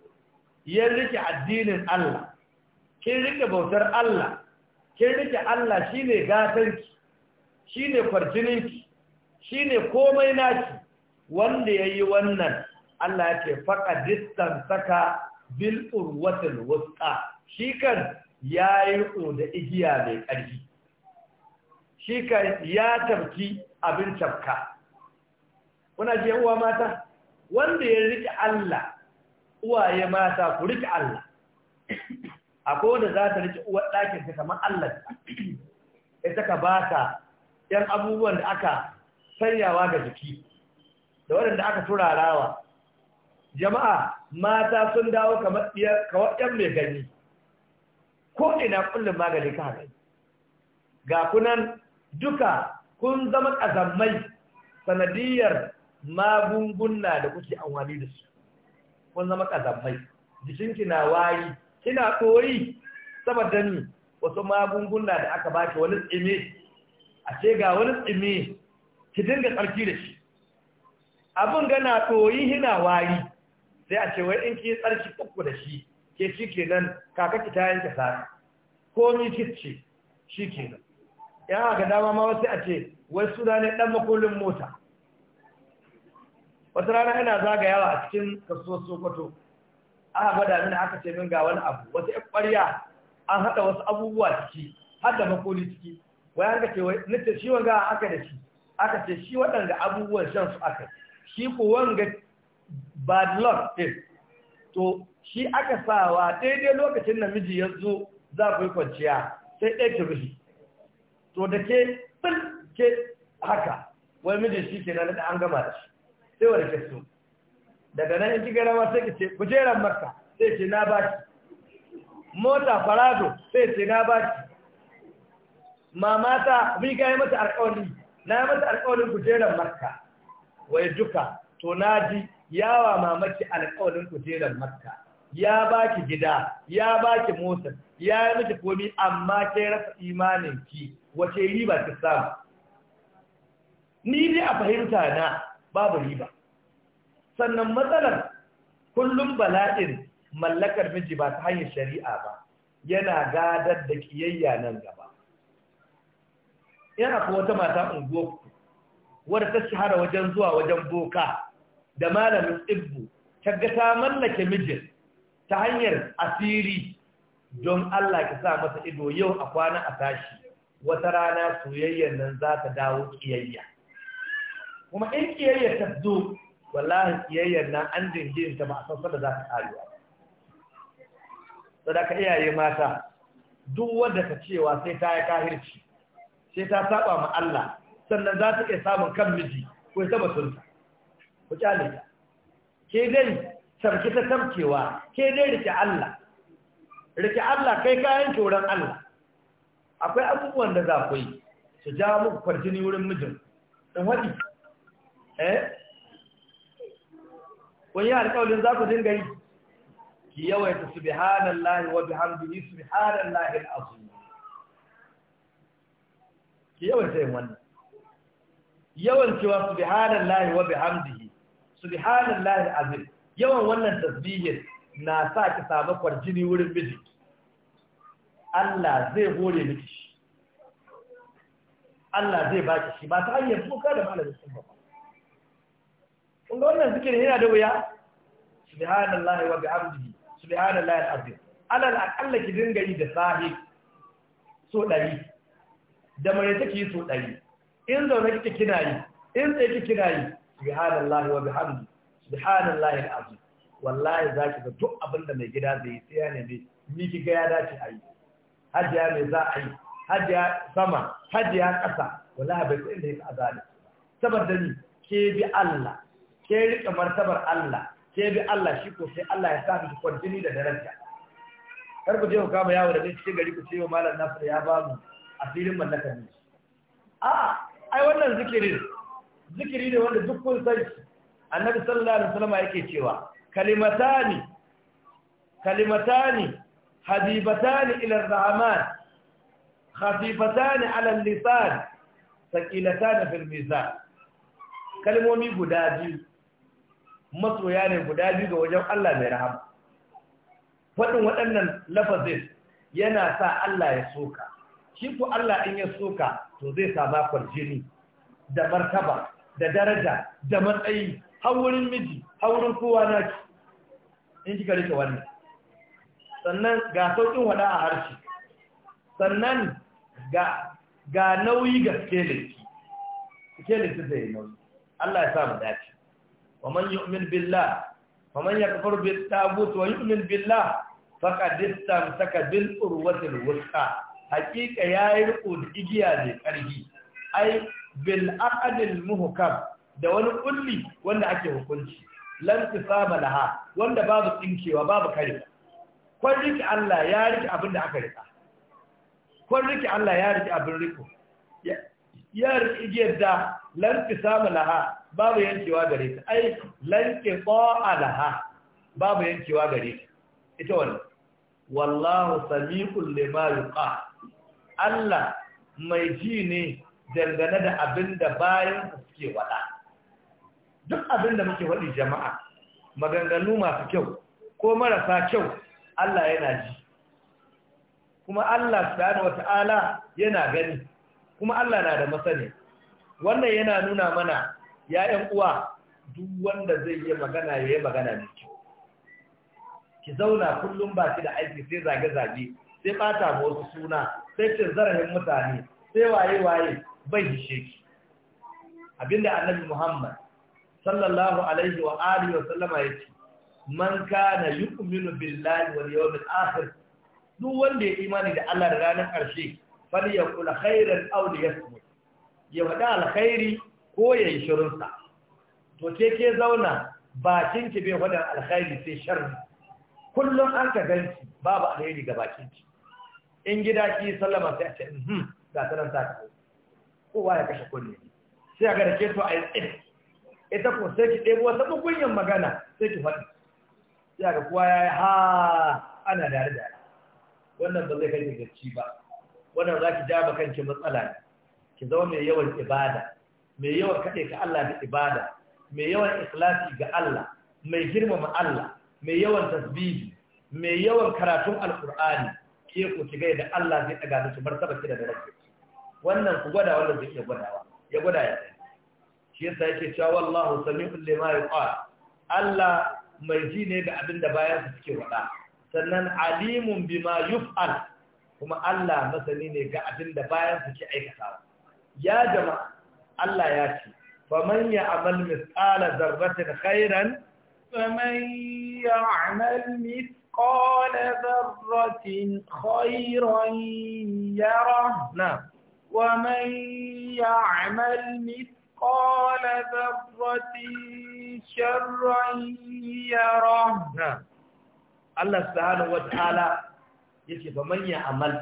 ya rike addinin Allah kin rike bautar Allah kin rike Allah shine gatanki shine farjininki shine komai naki wanda ya yi wannan Allah ya ce faƙadistan saka bil urwatil wusta shi kan ya yi da igiya mai ƙarfi shi kan ya tafki abin tafka kuna ji uwa mata wanda ya riƙe Allah uwaye mata ku riƙe Allah akwai wanda za ta riƙe uwar ɗakin ta kamar Allah ita ka ba ta ‘yan abubuwan da aka sanyawa ga jiki da waɗanda aka turarawa jama'a mata sun dawo kamar ɗan mai gani ko ina kullum magani ka gani ga kunan duka kun zama ƙazammai sanadiyar magunguna da kuke amfani da su kun zama ƙazammai jikinki na wayi kina koyi saboda ni wasu magunguna da aka baki wani tsime a ce ga wani tsimi ki dinga tsarki da shi abin gana koyi hina wayi sai a ce wai in ki tsarki uku da shi ke shi kaka kakaki ta yanke sani ko ni ce shi ke nan. ya haka dama ma wasu a ce wai suna ne dan makolin mota wata rana ina zagayawa a cikin kasuwar sokoto aka da mini aka ce min ga wani abu wasu ƴan ƙwarya an haɗa wasu abubuwa ciki har da makoli ciki wai an ce wai nita shi wanga aka da shi aka ce shi waɗanda abubuwan shan su aka shi ko wanga bad luck din to shi aka sawa daidai lokacin namiji ya zo za ku yi kwanciya sai ɗaya ki rufi to da ke bil ke haka wai miji shi ke nan an gama da shi sai wani ke so daga nan in kika rama sai ki ce kujeran marka sai ce na baki mota farado sai ce na baki mamata mun ga mata alƙawari na mata alƙawarin kujeran marka wai duka to na ji Ya yawa mamaki alƙawarin kujerar makka ya baki gida ya baki motar ya yi miki komi amma ke rasa imanin ki wace riba ki samu ni dai a fahimta na babu riba sannan matsalar kullum bala'in mallakar miji ba ta hanyar shari'a ba yana gadar da kiyayya nan gaba yana kuwa wata mata unguwa wadda ta shahara wajen zuwa wajen boka da malamin tsibbu ta ga ta mallake mijin ta hanyar asiri don Allah ki sa masa ido yau a kwana a tashi wata rana soyayyar nan za ta dawo kiyayya kuma in kiyayya ta zo wallahi kiyayyar nan an jingin ta ba a sassa da za ta karewa sadaka iyaye mata duk wanda ta cewa sai ta yi kahirci sai ta saba ma Allah sannan za ta iya samun kan miji ko ta batunta ku kyale ta ke dai tamki ta tamkewa ke dai rike Allah rike Allah kai kayan turan Allah akwai abubuwan da za ku yi su ja muku kwarjini wurin mijin in waɗi eh kun yi alƙawarin za ku dinga yi ki yawaita subhanallahi wa bihamdihi subhanallahi al-azim ki yawaita yin wannan yawan cewa subhanallahi wa bihamdihi subhanallahi azim yawan wannan tasbihin na sa ki samu kwarjini wurin miji Allah zai hore miki shi Allah zai baki shi ba ta hanyar tsoka da malamin sun ba kun ga wannan zikiri yana da wuya subhanallahi wa bihamdihi subhanallahi azim alal aqalla ki dinga yi da sahi so dari da mare take yi so dari in zaune kike kina yi in tsaye kike kina yi سبحان الله bihamdi سبحان الله wallahi zaki ga duk abin da mai gida zai sai ya nemi ni kiga ya dace a yi hajiya mai سما a yi hajiya sama hajiya ƙasa wallahi bai sai inda yake azali saboda ni ke bi Allah ke rika martabar Allah ke bi Allah shi ko sai Allah ya sa kar ku je ku kama yawo da cikin gari ku ce wa malam Nasir ya ba mu asirin mallakar ne a ai wannan zikirin zikiri ne wanda duk kun san shi annabi sallallahu alaihi wasallam yake cewa kalimatani kalimatani habibatani ila ar-rahman khafifatani ala al-lisan saqilatani fil mizan kalmomi guda biyu masoya ne guda biyu ga wajen Allah mai rahama faɗin waɗannan lafazin yana sa Allah ya soka shi ko Allah in ya soka to zai sa makon jini da martaba da daraja da matsayi har wurin miji har wurin kowa na ci in kika rike wannan sannan ga saukin wada a harshe sannan ga ga nauyi ga skelinki skelinki zai nauyi Allah ya sa mu dace wa man yu'min billah wa man yakfur bi tagut wa yu'min billah faqad saka bil urwatil wuthqa hakika ya yi da igiya ne karhi ai bil aqdil muhkam da wani kulli wanda ake hukunci lan tisaba laha wanda babu tsinkewa babu kare kun riki Allah ya riki abin da aka rika kun riki Allah ya riki abin riko ya riki yadda lan tisaba laha babu yankewa gare ta ai lan qita'a laha babu yankewa gare ta ita wannan wallahu sami'ul lima yuqa Allah mai ji ne dangane da abin da bayan suke waɗa duk abin da muke waɗi jama'a maganganu masu kyau ko marasa kyau Allah yana ji kuma Allah subhanahu wata'ala yana gani kuma Allah na da masani wannan yana nuna mana ya'yan uwa duk wanda zai yi magana ya yi magana mai kyau ki zauna kullum ba ki da aiki sai zage-zage sai ɓata ma wasu suna sai cin zarafin mutane sai waye-waye bai hishe ki abinda annabi muhammad sallallahu alaihi wa alihi wa sallama yace man kana yu'minu billahi wal yawmil akhir duk wanda ya imani da Allah da ranar ya fal yaqul khairan aw liyasmut ya wada alkhairi ko ya yi shirinsa to ke ke zauna bakin ki bai wadan alkhairi sai sharri kullum an ka ganci babu alheri ga bakin ki in gida ki sallama sai a ce mhm ga sanan ta kowa ya kashe kunne sai a ke to a yi ita ko sai ki ɗebo wata bukunyan magana sai ki faɗi sai a ga kowa ya yi ha ana dare dare wannan ba zai kai ki gaci ba wannan za ki jaba kanki matsala ne ki zama mai yawan ibada mai yawan kaɗe ka Allah da ibada mai yawan ikhlasi ga Allah mai girmama Allah mai yawan tasbihi mai yawan karatun alkur'ani ke ku shiga da Allah zai daga miki martaba ki da daraja wannan ku gwada wannan zai iya gwadawa ya gwada ya sani shi yasa yake cewa wallahu sami'un lima yuqal Allah mai ji ne da abinda bayan su suke faɗa sannan alimun bima yuf'al kuma Allah masani ne ga abin da bayan su ke aikata ya jama'a Allah ya ce faman ya'mal mithqala dharratin khairan faman ya'mal mithqala dharratin khairan yara na'am ومن يعمل مثقال ذرة شرا يره الله سبحانه وتعالى yake ba manya amal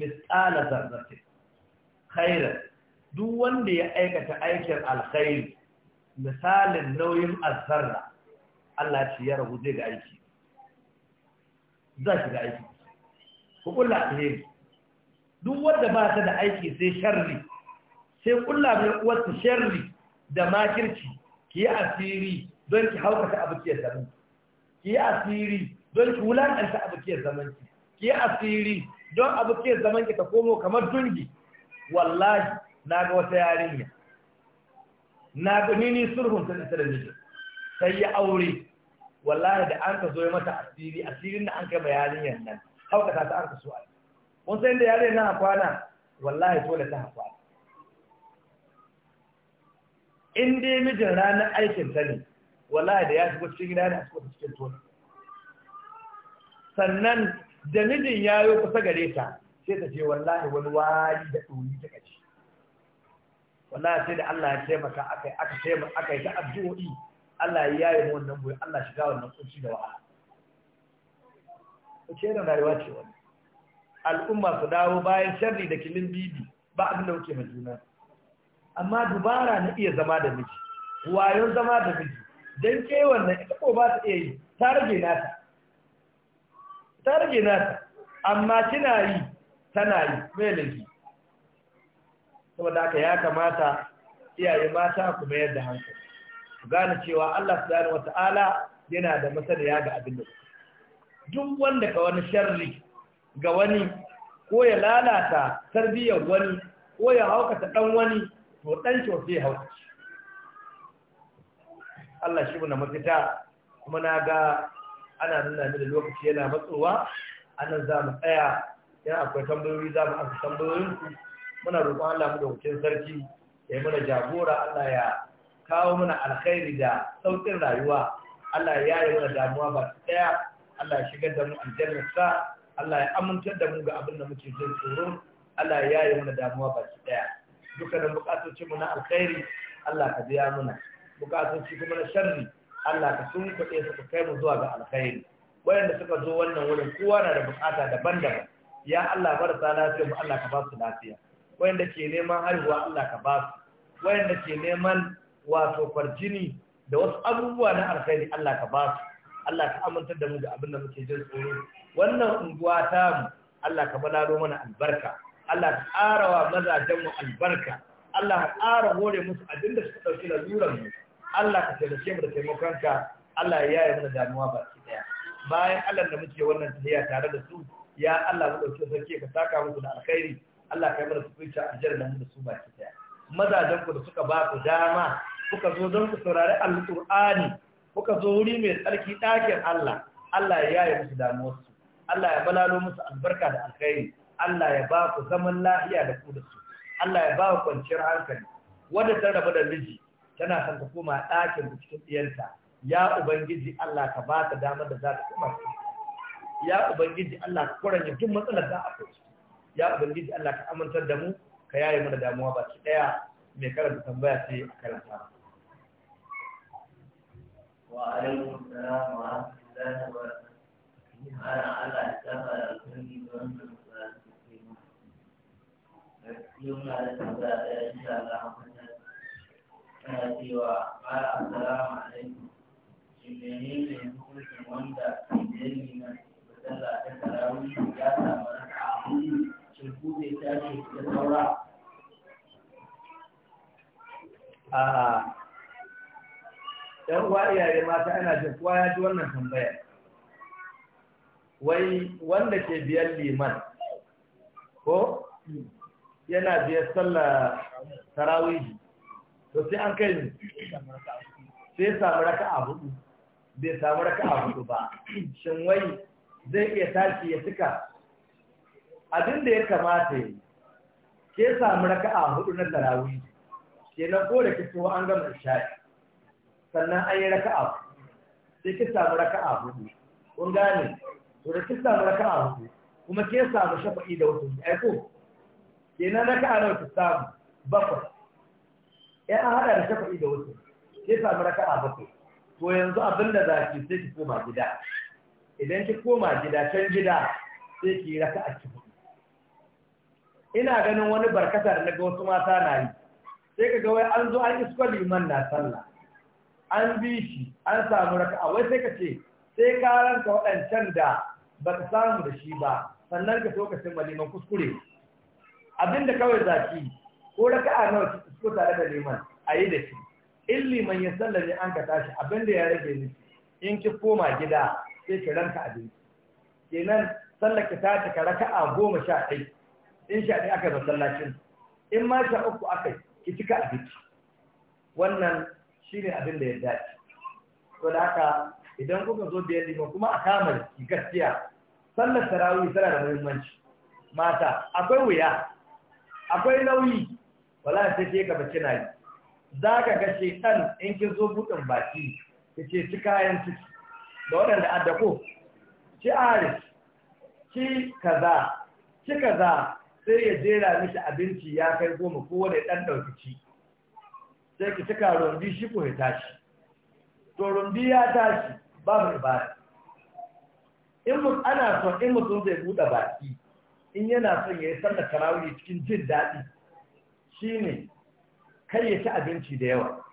misqala zarratin khairan duk wanda ya aikata aikin alkhairi misalin nauyin azzarra Allah ya rabu zai ga aiki za shi ga aiki ku kullu alheri duk wanda ba ta da aiki sai sharri sai kulla mai uwarta sharri da makirci ki yi asiri don ki haukata abukiyar zaman ki yi asiri don ki wulakanta abukiyar zaman ki ki yi asiri don abukiyar zaman ki ta komo kamar dungi wallahi na ga wata yarinya na ga nini sulhun ta da mijin sai ya aure wallahi da an ka zo mata asiri asirin da an kai bayanin yannan haukata ta an ka so a kun san da yare na kwana wallahi da ta kwana in dai mijin ranar aikin ta ne wallahi da ya shigo cikin gida ne a cikin cikin tona sannan da mijin ya yi kusa gare ta sai ta ce wallahi wani wari da ɗoyi ta gaji. wallahi sai da Allah ya taimaka aka aka taimaka aka yi ta addu'o'i Allah ya yaye mu wannan boye Allah shiga wannan kunci da wahala ce da rayuwa ce wannan al'umma su dawo bayan sharri da kilin bibi ba abin da wuce mai juna amma dubara na iya zama da miji wayon zama da miji don kewan na ita ko ba ta iya yi ta rage nata amma tana yi tana yi mai laifi saboda haka ya kamata iyaye mata ku mayar da hankali ku gane cewa Allah wata wata'ala yana da masaniya ga abin da duk wanda ka wani sharri ga wani ko ya lalata tarbiyyar wani ko ya haukata ɗan wani to ɗan shi ya haukaci Allah shi na mafita kuma na ga ana nuna ni da lokaci yana matsowa anan za mu tsaya yana akwai tambayoyi za mu amsa tambayoyinsu. muna roƙon Allah mu da hukun sarki ya yi mana jagora Allah ya kawo mana alkhairi da sauƙin rayuwa Allah ya yi mana damuwa ba su tsaya. Allah ya shigar da mu aljannar sa Allah ya amintar da mu ga abin da muke jin tsoro Allah ya yi mana damuwa baki daya da bukatoci mu na alkhairi Allah ka biya muna bukatoci kuma na sharri Allah ka sun kuɗe su kai mu zuwa ga alkhairi wayanda suka zo wannan wurin kowa na da bukata daban-daban ya Allah marasa lafiya mu Allah ka ba su lafiya wayanda ke neman haihuwa Allah ka ba su wayanda ke neman wato farjini da wasu abubuwa na alkhairi Allah ka ba su Allah ka amintar da mu ga abin da muke jin tsoro wannan unguwa ta mu Allah ka balalo mana albarka Allah ka ƙara wa mazajen albarka Allah ka ƙara hore musu abin da suka ɗauki laluran mu Allah ka taimake mu da ka. Allah ya yi mana damuwa baki ɗaya bayan Allah da muke wannan tafiya tare da su ya Allah mu ɗauki sarki ka saka musu da alkhairi Allah ka yi mana sukuita aljanna mu da su baki ɗaya mazajen ku da suka ba ku dama kuka zo don ku saurari alƙur'ani kuka zo wuri mai tsarki ɗakin Allah Allah ya yaye musu damuwarsu Allah ya balalo musu albarka da alkhairi Allah ya ba ku zaman lafiya da ku da su Allah ya ba ku kwanciyar hankali wanda ta rabu da miji tana son ta koma ɗakin ku cikin ɗiyarta ya ubangiji Allah ka ba ta damar da za ta koma ya ubangiji Allah ka kuranya duk matsalar da ciki ya ubangiji Allah ka amintar da mu ka yaye mana damuwa baki daya mai karanta tambaya sai a karanta wa alaikum salam wa rahmatullahi wa barakatuh malam Allah ya saba da alkhairi da ya da saura a'a dan iyaye mata ana jin kowa ya ji wannan tambayar wai wanda ke biyan liman ko yana biyan sallar tarawihi to sai an kai sai samu raka a hudu bai samu raka a hudu ba shin wai zai iya tashi ya cika abin da ya kamata yi ke samu raka a hudu na tarawihi na kore ki kito an gama shafi sannan an yi raka a sai ki samu raka a hudu kun gane to kin samu raka'a hudu kuma ke samu shafa'i da wasu ai ko kenan raka'a nawa ki samu bakwai in an hada da shafa'i da wasu ke samu raka'a bakwai to yanzu abin da za ki sai ki koma gida idan ki koma gida can gida sai ki yi raka'a ki hudu ina ganin wani barkata da naga wasu mata na yi sai ka ga wai an zo an isko liman na sallah an bi shi an samu raka'a wai sai ka ce sai ka ranka waɗancan da ba ka samu da shi ba sannan ka so ka kuskure abinda kawai zaki ko raka a nawa ko tare da liman a yi da shi in liman ya ne an ka tashi abinda ya rage ni in ki koma gida sai ki ranka abinci kenan sallar ki ta ka raka'a goma sha ɗai in sha ɗai aka masallacin in ma sha uku aka ki cika abinci wannan shine abin da ya dace to da haka idan kuka zo biyar liman kuma a kama da gaskiya sallar tarawih tana da muhimmanci mata akwai wuya akwai nauyi wala ta ce ka bace na yi za ka ga shekan in ki zo buɗin baki ka ci kayan ciki da waɗanda addako ci ari, ci kaza ci kaza sai ya jera miki abinci ya kai goma ko wani ɗan ɗauki ci sai ki cika rumbi shi ko ya tashi to rumbi ya tashi babu ibada in mu ana son in mutum zai buɗe baki in yana son ya yi sallar tarawih cikin jin daɗi shine kar ya ci abinci da yawa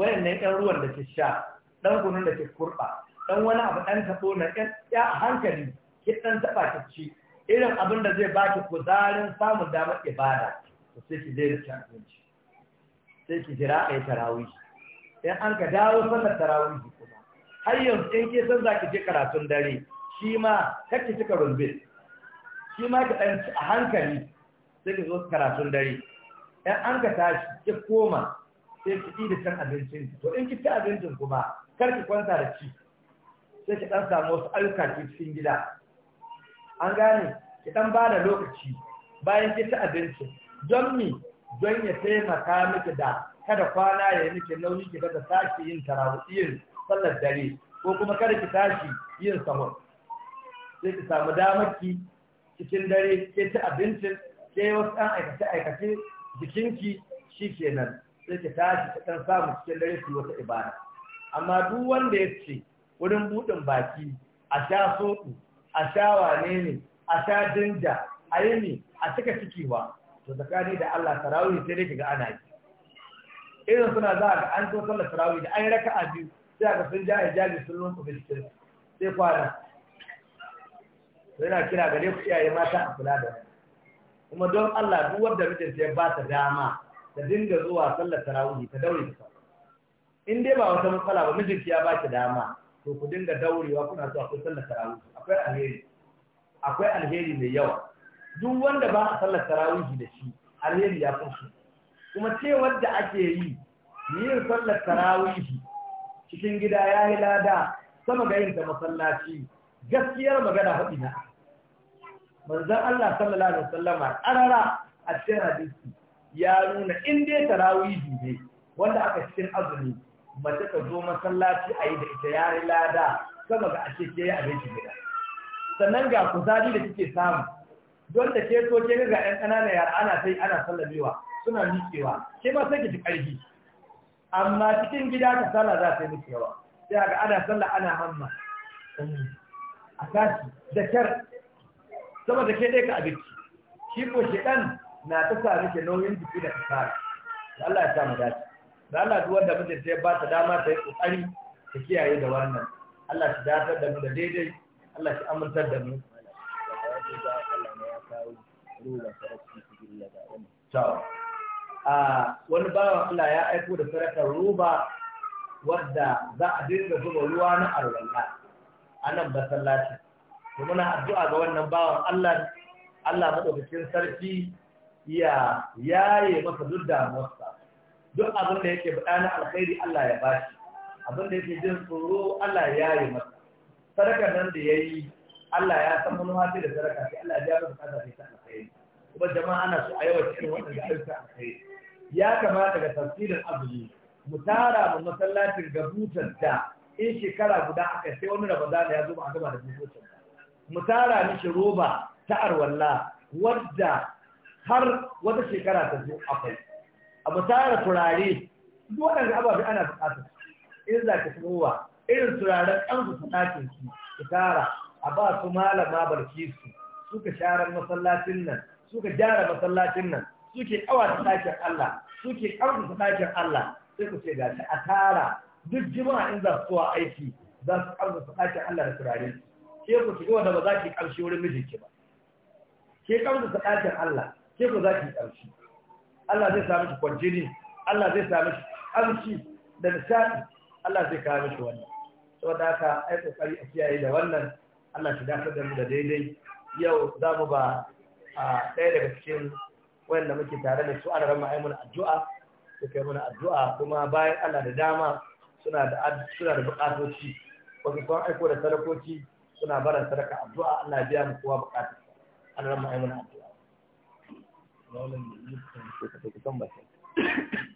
wayannan ɗan ruwan da ke sha ɗan gunun da ke kurɓa ɗan wani abu ɗan taɓo na ɗan ya hankali ki ɗan taɓa ki ci irin abin da zai baki kuzarin samun damar ibada to sai ki daina ci abinci sai ki jira a yi tarawih in an ka dawo sallar tarawih kuma har yanzu in ke san za ki je karatun dare shi ma ki cika rumbin shi ma ki ɗan a hankali sai ki zo karatun dare ɗan an ka tashi ki koma sai ki ɗi da can abincin to in ki ci abincin kuma kar ki kwanta da ci sai ki ɗan samu wasu ayyuka ki cikin gida an gane ki ɗan ba da lokaci bayan ki ci abincin don mi don ya taimaka miki da kada kwana ya yi miki nauyi ki daga sake yin tarawih sallar dare ko kuma kada ki tashi yin sahur sai ki samu damar ki cikin dare ke ci abincin ke wasu ɗan aikace aikace jikinki shi kenan sai ki tashi ki ɗan samu cikin dare ki wata ibada amma duk wanda ya ce wurin buɗin baki a sha soɗu a sha wane ne a sha dinja a yi ne a cika ciki ba to tsakani da Allah tarawih sai dai ga ana yi irin suna za ga an so sallar tarawih da an raka'a biyu sai aka sun ja hijabi sun lunku da jikin sai kwana yana kira gare ku iyaye mata a kula da kuma don Allah duk wanda mijinta ya ba ta dama ta dinga zuwa sallar tarawihi ta daure ta in dai ba wata matsala ba mijinki ya ba ki dama to ku dinga daurewa kuna zuwa ku sallar tarawihi akwai alheri akwai alheri mai yawa duk wanda ba a sallar tarawihi da shi alheri ya kusa kuma ce wanda ake yi yin sallar tarawihi cikin gida ya yi lada sama ga yin ta masallaci gaskiyar magana haɗi na manzan Allah sallallahu alaihi wasallama ƙarara a cikin hadisi ya nuna in dai tarawihi ne wanda aka cikin azumi mace ta zo masallaci a yi da ita ya yi lada sama ga ake ke yi abinci gida sannan ga kuzari da kike samu don da ke so ke ga 'yan ƙanana yara ana sai ana sallamewa suna miƙewa ke ma sai ki ji ƙarfi amma cikin gida ka sallah za ta yi miki yawa sai ga ana sallah ana hamma a tashi da kyar saboda ke ɗaya ka abinci shi ko shi dan na ta sa miki nauyin jiki da kasara da Allah ya sa mu dace da Allah duk wanda mutum sai ba ta dama ta yi kokari ta kiyaye da wannan Allah shi dakatar da mu da daidai Allah shi amintar da mu Ciao. wani bawan Allah ya aiko da sarakar roba wadda za a dinga zuba ruwa na arwalla a nan masallaci kuma na addu'a ga wannan bawan Allah Allah madaukakin sarki ya yaye masa duk damuwarsa duk abin da yake buɗa na alkhairi Allah ya bashi abin da yake jin tsoro Allah ya yaye masa sarakar nan da ya yi Allah ya san wani hafi da saraka sai Allah ya biya masa kasa sai ta alkhairi kuma jama'a ana so a yawa cikin waɗanda ayyuka alkhairi ya kamata ga tafsirin azumi mu tara mu masallacin gabutar da in shekara guda aka sai wani ramadana ya zo ba a gaba da butocin mu tara mishi roba ta arwalla wadda har wata shekara ta zo akwai a mu tara turare duk waɗanda ababe ana buƙatar in za ka tumowa irin turaren ƙansu sanatin su ku tara a ba su malama barki su suka share masallacin nan suka gyara masallacin nan suke da ɗakin Allah suke da ɗakin Allah sai ku ce ga shi a tara duk jima'a in za su zuwa aiki za su da ɗakin Allah da turare ke ku shiga wanda ba za ki ƙarshe wurin mijinki ba ke da ɗakin Allah ke ku za ki ƙarshe Allah zai sami shi kwanjini Allah zai sami shi ƙarshi da nishaɗi Allah zai kawo miki wannan saboda haka ai kokari a kiyaye da wannan Allah shi dakatar da mu da daidai yau za mu ba ɗaya daga cikin wanda muke tare da su ana rama aimuna addu'a su kai mana addu'a kuma bayan Allah da dama suna da suna da bukatoci wasu sun aiko da sadakoci suna bara sadaka addu'a Allah ya biya mu kowa bukatun ana rama aimuna addu'a